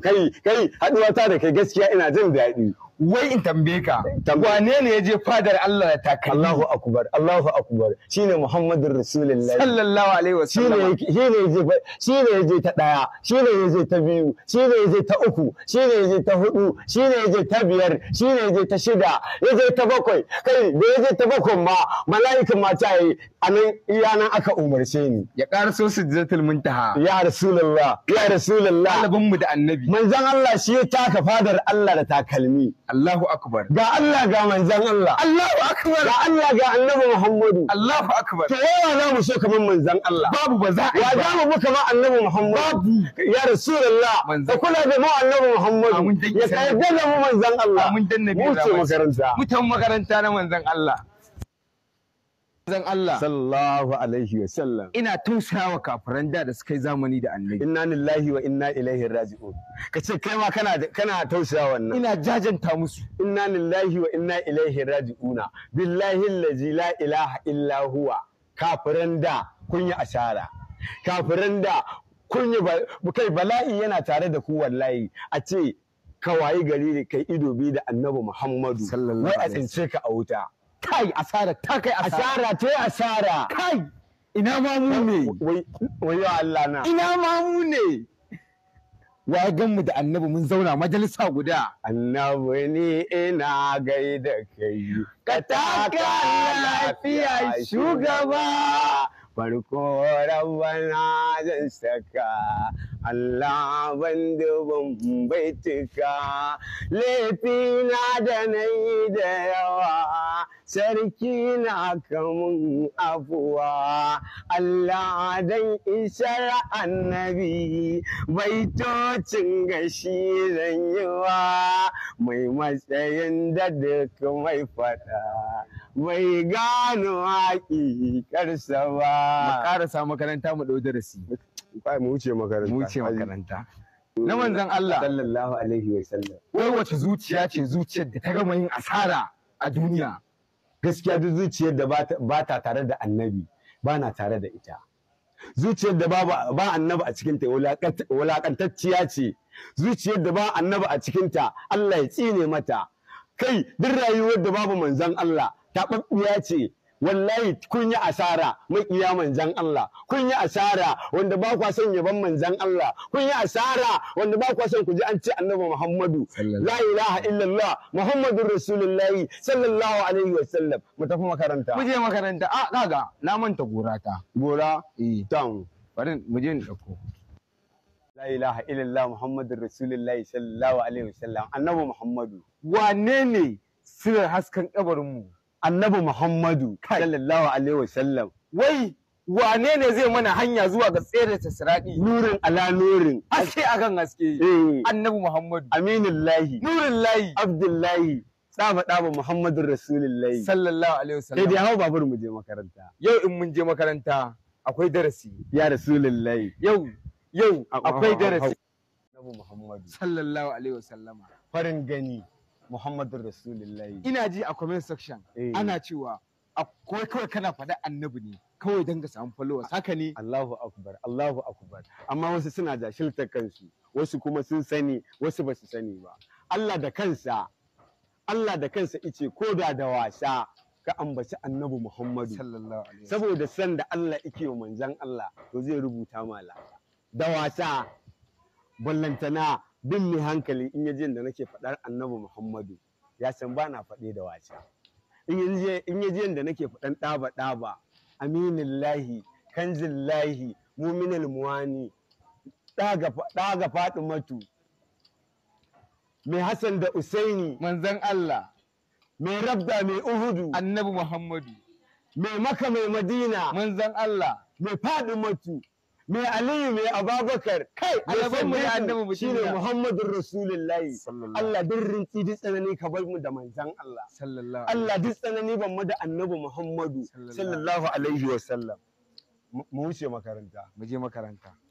Kai, kai, haɗuwa ta da kai gaskiya ina jin daɗi. wai in tambaye ka wane ne ya je fadar Allah da takalmi Allahu akbar Allahu akbar shine Muhammadur Rasulullahi sallallahu alaihi wasallam shine yaje shine yaje ta daya shine yaje ta biyu shine yaje ta uku shine yaje ta hudu shine yaje ta biyar shine yaje ta shida yaje ta bakwai kai da yaje ta bakwai ma mala'ikan ma ta yi anan iyanan aka umarce ni ya karso sujjatul muntaha ya rasulullah ya rasulullah albin mu da annabi manzon Allah shi ya taka fadar Allah da takalmi Allahu akbar ga Allah ga manzan Allah Allahu akbar ga Allah ga annabi Muhammadu Allahu akbar to yawa za mu so kaman manzan Allah babu ba za a za mu muka ma annabi Muhammadu babu ya rasulullah ka kula da mu annabi Muhammadu ya yarda da mu manzan Allah mun danna mu makaranta mutan makaranta na manzan Allah zan Allah sallallahu alaihi wa sallam ina tausayawa kafiran da da suka yi zamani da annabi inna lillahi wa inna ilaihi raji'un kace kai ma kana kana tausayawa wannan ina jajanta musu inna lillahi wa inna ilaihi raji'una billahi allazi la ilaha illa huwa kafiran da kun yi asara kafiran da kun yi kai bala'i yana tare da ku wallahi a ce ka wayi gari da kai ido bi da annabi Muhammadu sallallahu alaihi wa sallam wai a tsince ka a wuta kai asara ta kai asara asara ce asara kai ina ma mu ne wai Allah na ina ma mu ne wa gan mu da annabi mun zauna majalisa guda. Annabi ni ina gaida kai. Ka taka lafiya shugaba. Farko rabana zan saka Allah ban dubin baitika laifi na da na yi da yawa sarki na kamun afuwa Allah dan ishar annabi baitocin gashi zan yi wa mai matsayin da duk mai fada mai gano hakikarsa ba mu karasa makaranta mu ɗau darasi mu wuce makaranta mu wuce makaranta na manzon Allah sallallahu alaihi Wasallam. wai zuciya ce zuciyar da ta gama yin asara a duniya gaskiya duk zuciyar da ba ta tare da annabi ba na tare da ita zuciyar da ba annabi a cikinta wulakantacciya ce zuciyar da ba annabi a cikinta Allah ya tsine mata kai duk rayuwar da babu manzon Allah taɓaɓɓiya ce wallahi kun yi asara makiya manzan Allah kun yi asara wanda ba kwa son yaban manzan Allah kun yi asara wanda ba kwa son ku ji an ce annabi Muhammadu la ilaha illallah Muhammadur Rasulullah sallallahu alaihi wa sallam mu tafi makaranta mu je makaranta a ah, kaga na manta gora ta gora eh tan bari mu je ni dauko la ilaha illallah Muhammadur Rasulullah sallallahu alaihi wa sallam annabi Muhammadu wane ne sirar hasken kabarin mu annabi Muhammadu sallallahu alaihi wasallam wai wane ne zai mana hanya zuwa ga tsere ta siradi nurin ala nurin haske akan haske eh. annabi Muhammadu aminullahi nurullahi abdullahi tsaba tsaba Muhammadu rasulullahi sallallahu alaihi wasallam sai dai hawa babur mu je makaranta yau in mun je makaranta akwai darasi ya rasulullahi yau yau akwai darasi annabi Muhammadu sallallahu alaihi wasallama farin gani muhammadu Rasulullahi. Ina ji a comment section eh. ana cewa akwai kawai kana faɗa annabi ne kawai don ka samu followers haka ne. Allahu akbar Allahu akbar amma wasu suna jashiltar kansu wasu kuma sun sani wasu ba su sani ba. Allah da kansa Allah da kansa ice ko da da wasa ka ambaci annabi Muhammadu saboda san da Allah ike wa manzan Allah to zai rubuta ma da wasa ballantana bin mai hankali in yi jin da nake faɗar annabi muhammadu ya san ba na faɗe da wace in yi jin da nake faɗan ɗaba ɗaba aminin lahi kanzin lahi muminin muwani ɗaga faɗi matu. mai hassan da usaini manzan allah mai rabda mai uhudu annabi muhammadu mai maka mai madina manzan allah mai faɗi matu. mai aliyu mai ababakar kai alaban mu ya annabi mu shine muhammadur rasulullahi Allah din rinki duk tsanani ka bar mu da manzan Allah sallallahu Allah duk tsanani ban mu da annabi muhammadu sallallahu alaihi wasallam mu wuce makaranta mu je makaranta